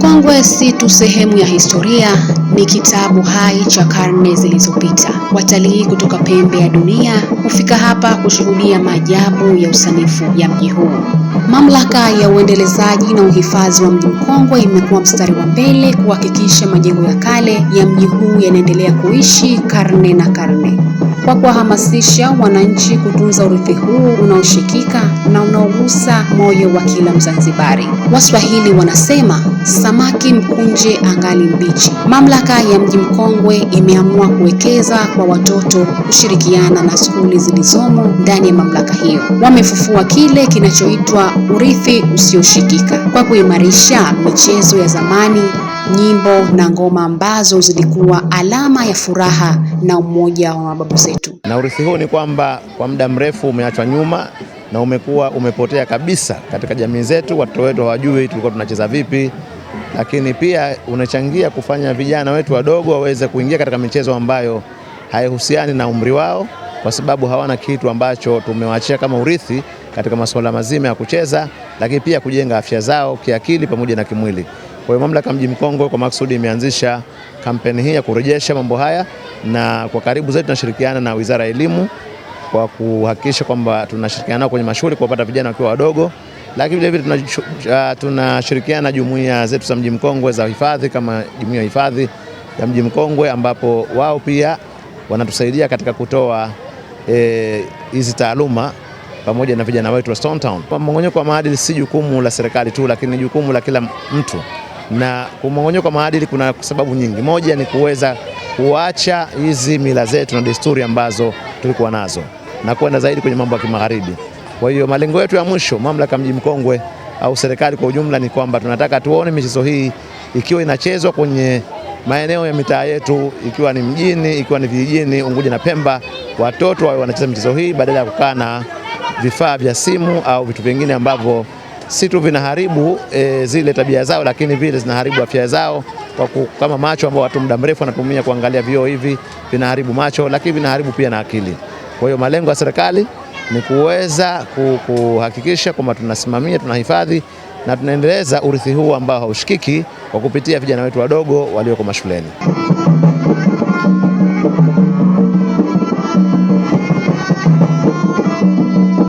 Mkongwe si tu sehemu ya historia, ni kitabu hai cha karne zilizopita. Watalii kutoka pembe ya dunia hufika hapa kushuhudia maajabu ya usanifu ya mji huu. Mamlaka ya Uendelezaji na Uhifadhi wa Mji Mkongwe imekuwa mstari wa mbele kuhakikisha majengo ya kale ya mji huu yanaendelea kuishi karne na karne kwa kuwahamasisha wananchi kutunza urithi huu unaoshikika na unaogusa moyo wa kila Mzanzibari. Waswahili wanasema samaki mkunje angali mbichi. Mamlaka ya Mji Mkongwe imeamua kuwekeza kwa watoto kushirikiana na skuli zilizomo ndani ya mamlaka hiyo. Wamefufua kile kinachoitwa urithi usioshikika kwa kuimarisha michezo ya zamani nyimbo na ngoma ambazo zilikuwa alama ya furaha na umoja wa mababu zetu. Na urithi huu ni kwamba kwa muda mrefu umeachwa nyuma na umekuwa umepotea kabisa katika jamii zetu. Watoto wetu hawajui tulikuwa tunacheza vipi, lakini pia unachangia kufanya vijana wetu wadogo waweze kuingia katika michezo ambayo haihusiani na umri wao, kwa sababu hawana kitu ambacho tumewaachia kama urithi katika masuala mazima ya kucheza, lakini pia kujenga afya zao kiakili pamoja na kimwili. Kwa hiyo mamlaka mji Mkongwe kwa maksudi imeanzisha kampeni hii ya kurejesha mambo haya, na kwa karibu zaidi tunashirikiana na Wizara ya Elimu kwa kuhakikisha kwamba tunashirikiana nao kwenye mashule kuwapata vijana wakiwa wadogo lakini vilevile uh, tunashirikiana na jumuiya zetu za Mji Mkongwe za hifadhi kama jumuiya ya hifadhi ya Mji Mkongwe, ambapo wao pia wanatusaidia katika kutoa e, hizi e, taaluma pamoja na vijana wetu wa Stone Town. Mmong'onyoko wa maadili si jukumu la serikali tu, lakini jukumu la kila mtu, na kumong'onyoko wa maadili kuna sababu nyingi. Moja ni kuweza kuacha hizi mila zetu na desturi ambazo tulikuwa nazo na kwenda zaidi kwenye mambo ya kimagharibi. Kwa hiyo malengo yetu ya mwisho, mamlaka mji mkongwe au serikali kwa ujumla, ni kwamba tunataka tuone michezo hii ikiwa inachezwa kwenye maeneo ya mitaa yetu, ikiwa ni mjini, ikiwa ni vijijini, Unguja na Pemba, watoto wawe wanacheza michezo hii badala ya kukaa na vifaa vya simu au vitu vingine ambavyo si tu vinaharibu e, zile tabia zao, lakini vile zinaharibu afya zao kwa kama macho ambao watu muda mrefu wanatumia kuangalia vioo hivi, vinaharibu macho, lakini vinaharibu pia na akili. Kwa hiyo malengo ya serikali ni kuweza kuhakikisha kwamba tunasimamia, tunahifadhi na tunaendeleza urithi huu ambao haushikiki kwa kupitia vijana wetu wadogo walioko mashuleni.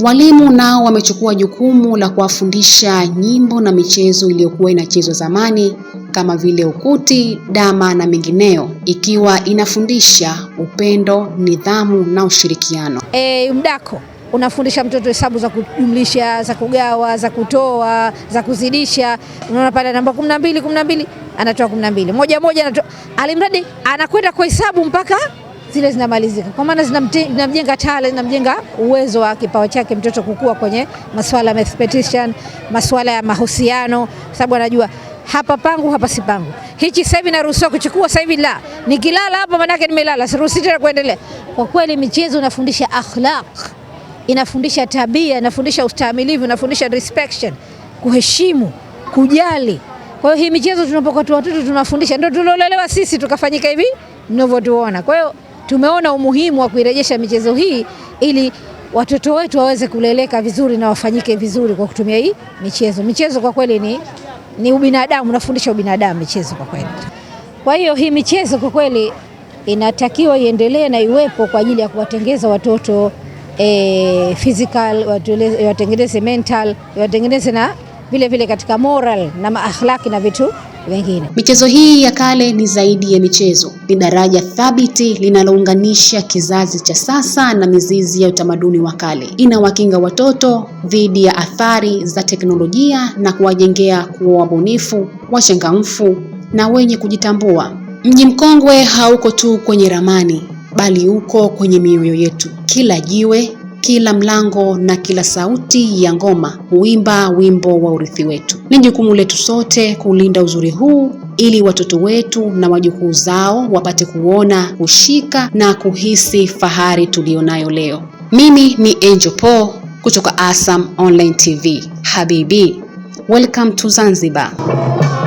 Walimu nao wamechukua jukumu la kuwafundisha nyimbo na michezo iliyokuwa inachezwa zamani kama vile ukuti, dama na mengineo ikiwa inafundisha upendo, nidhamu na ushirikiano. E, mdako unafundisha mtoto hesabu za kujumlisha, za kugawa, za kutoa, za kuzidisha. Unaona pale namba 12 12 anatoa 12, moja moja anatoa, alimradi anakwenda kwa hesabu mpaka zile zinamalizika, kwa maana zinamjenga tale, zinamjenga uwezo wa kipawa chake mtoto kukua kwenye masuala ya mathematician, masuala ya mahusiano, sababu anajua hapa pangu, hapa si pangu, hichi sasa hivi naruhusiwa kuchukua, sasa hivi la, nikilala hapa manake nimelala, siruhusi tena kuendelea. Kwa kweli michezo inafundisha akhlaq inafundisha tabia, inafundisha ustahimilivu, inafundisha respection, kuheshimu, kujali. Kwa hiyo hii michezo tunapokuwa tu watoto tunafundisha, ndio tuliolelewa sisi tukafanyika hivi ninavyotuona. Kwa hiyo tumeona umuhimu wa kuirejesha michezo hii ili watoto wetu waweze kuleleka vizuri na wafanyike vizuri kwa kutumia hii michezo. Michezo kwa kweli ni, ni ubinadamu, unafundisha ubinadamu michezo kwa kweli. Kwa hiyo hii michezo kwa kweli inatakiwa iendelee na iwepo kwa ajili ya kuwatengeza watoto e, physical watengeneze mental watengeneze na vile vile katika moral na maakhlaki na vitu vingine. Michezo hii ya kale ni zaidi ya michezo, ni daraja thabiti linalounganisha kizazi cha sasa na mizizi ya utamaduni wa kale. Inawakinga watoto dhidi ya athari za teknolojia na kuwajengea kuwa wabunifu, wachangamfu na wenye kujitambua. Mji mkongwe hauko tu kwenye ramani bali uko kwenye mioyo yetu. Kila jiwe, kila mlango na kila sauti ya ngoma huimba wimbo wa urithi wetu. Ni jukumu letu sote kulinda uzuri huu ili watoto wetu na wajukuu zao wapate kuona, kushika na kuhisi fahari tuliyonayo leo. Mimi ni Angel Paul kutoka ASAM Online TV. Habibi, welcome to Zanzibar.